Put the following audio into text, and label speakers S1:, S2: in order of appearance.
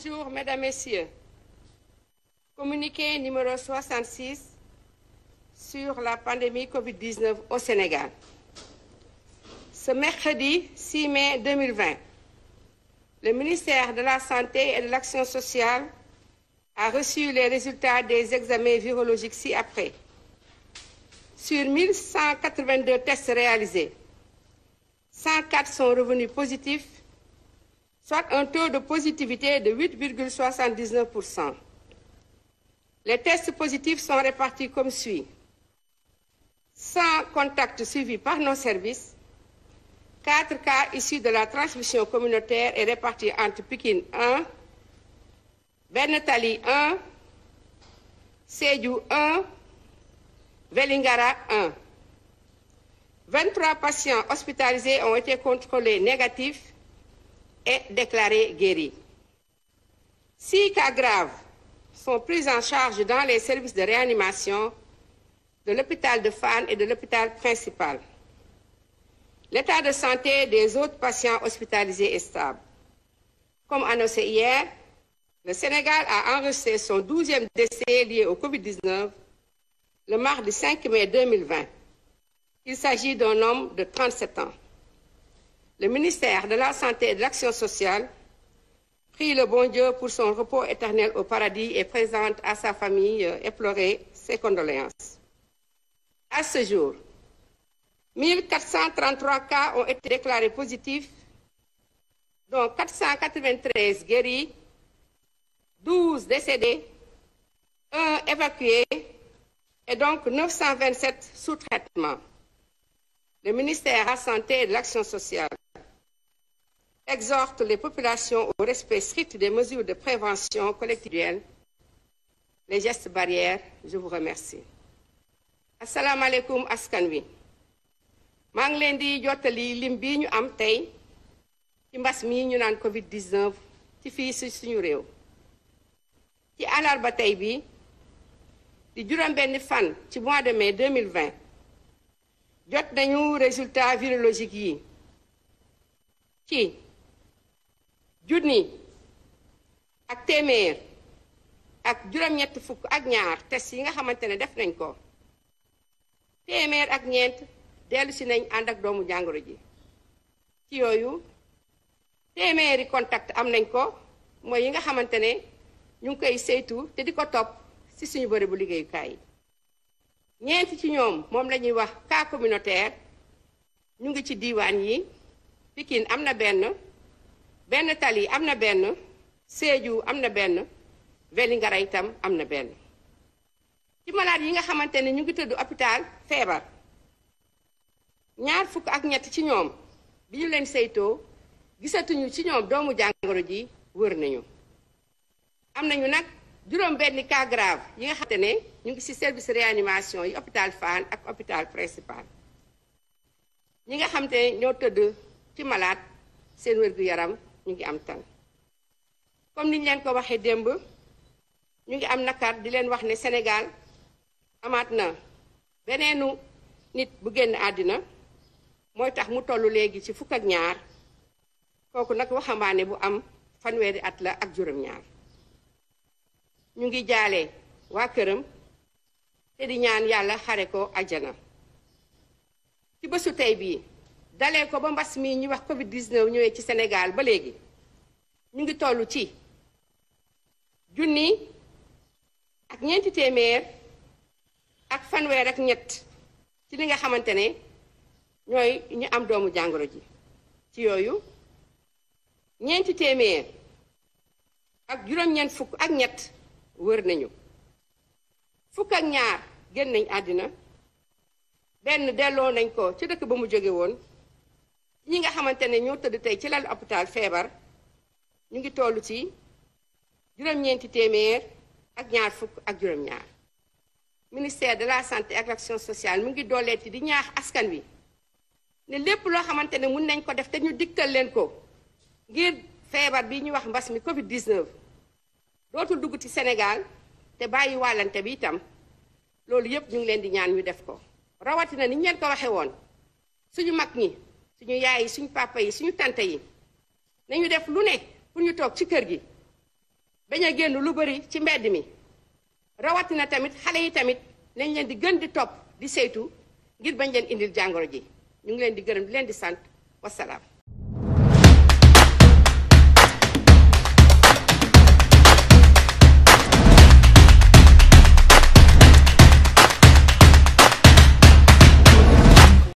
S1: Bonjour, Mesdames, Messieurs. Communiqué numéro 66 sur la pandémie Covid-19 au Sénégal. Ce mercredi 6 mai 2020, le ministère de la Santé et de l'Action sociale a reçu les résultats des examens virologiques ci-après. Sur 1182 tests réalisés, 104 sont revenus positifs soit un taux de positivité de 8,79 pour cent. Les tests positifs sont répartis comme suit. 100 contacts suivis par nos services. 4 de la transmission communautaire et répartis entre Pikine 1, Ben Tally 1, Sédhiou 1, Vélingara 1. 23 patients hospitalisés est déclaré guéri. Six cas graves sont pris en charge dans les services de réanimation de l'hôpital de Fan et de l'hôpital principal. L'état de santé des autres patients hospitalisés est stable. Comme annoncé hier, le Sénégal a enregistré son 12e décès lié au Covid-19 le mardi 5 mai 2020. Il s'agit d'un homme de 37 ans. le ministère de la Santé et de sociale prie le bon pour son repos éternel au paradis et présente à sa famille euh, éplorée ses condoléances. À ce jour, 1433 cas ont été déclarés positifs, dont 493 guéris, 12 décédés, 1 évacué et donc 927 sous traitement. Le ministère de la Santé et de l'Action sociale exhorte les populations au respect strict des mesures de prévention collectivelle, les gestes barrières. Je vous remercie. asalaamaaleykum askan wi maa ngi leen di jottali lim bi ñu am tey ci mbas mi ñu naan Covid 19 ci fii si suñu réew ci ba tey bi di juróom-benn fan ci mois de mai 2020 jot nañu résultat virologique yi ci. junni ak téeméer ak juróom-ñetti fukk ak ñaar test yi nga xamante ne def nañ ko téeméer ak ñeent dellu nañ ànd ak doomu jàngoro ji ci yooyu téeméeri contact am nañ ko mooy yi nga xamante ne ñu ngi koy saytu te di ko topp ci suñu bërëbu liggéeyukaay yi ñeent ci ñoom moom la wax cas communautaire ñu ngi ci diiwaan yi pikin am na benn benn tali am na benn Sédhiou am na benn Vélingara itam am na benn ci malaat yi nga xamante ne ñu ngi tëdd hôpital feebar ñaar fukk ak ñett ci ñoom bi ñu leen saytoo gisatuñu ci ñoom doomu jàngoro ji wër nañu am nañu nag juróom benn cas grave yi nga xamante ne ñu ngi ci service réanimation yi hôpital Fann ak hôpital principal ñi nga xamante ne ñoo tëdd ci malaat seen wér-gu-yaram ñu ngi am tan comme niñ leen ko waxee démb ñu ngi am nakar di leen wax ne Sénégal amaat na weneenu nit bu génn àddina mooy tax mu tollu léegi ci fukk ak ñaar kooku nag waxambaane bu am fanweeri at la ak juróom-ñaar ñu ngi jaale waa këram te di ñaan yàlla xare ko ajjana ci bésu tey bii dalee ko ba mbas mii ñuy wax Covid 19 ñëwee ci Sénégal ba léegi ñu ngi tollu ci junni ak ñeenti téeméer ak fanweer ak ñett ci li nga xamante ne ñooy ñu am doomu jàngoro ji ci yooyu ñeenti téeméer ak juróom-ñeent fukk ak ñett wër nañu fukk ak ñaar génn nañ àddina benn delloo nañ ko ci dëkk ba mu jóge woon ñi nga xamante ne ñoo tëdd tey ci lal hôpital feebar ñu ngi tollu ci juróom-ñeenti téeméer ak ñaar fukk ak juróom-ñaar ministère de la santé ak l'action sociale mu ngi dooleeti di ñaax askan wi ne lépp loo xamante ne mun nañ ko def te ñu dikkal leen ko ngir feebar bi ñuy wax mbas mi Covid 19 dootul dugg ci senegal te bàyyi wàllante bi itam loolu yépp ñu ngi leen di ñaan ñu def ko rawatina ni ñu ko waxe woon suñu mag ñi. suñu yaay yi suñu papa yi suñu tante yi nañu def lu ne pour ñu toog ci kër gi bañ a génn lu bari ci mbedd mi rawatina tamit xale yi tamit nañ leen di gën di topp di saytu ngir bañ leen indil jàngoro ji ñu ngi leen di gërëm di leen di sant wasalaam